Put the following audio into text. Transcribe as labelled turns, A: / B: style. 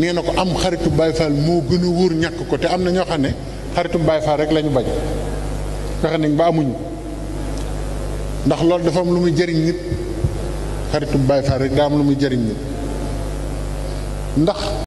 A: nee na ko am xaritu Baye Fall moo gën a wóor ñàkk ko te am na ñoo xam ne xaritu Baye Fall rek lañu ñu bañ fexe nañ ba amuñu ndax loolu dafa am lu muy jariñ nit xaritu Baye Fall rek daa am lu muy jariñ nit ndax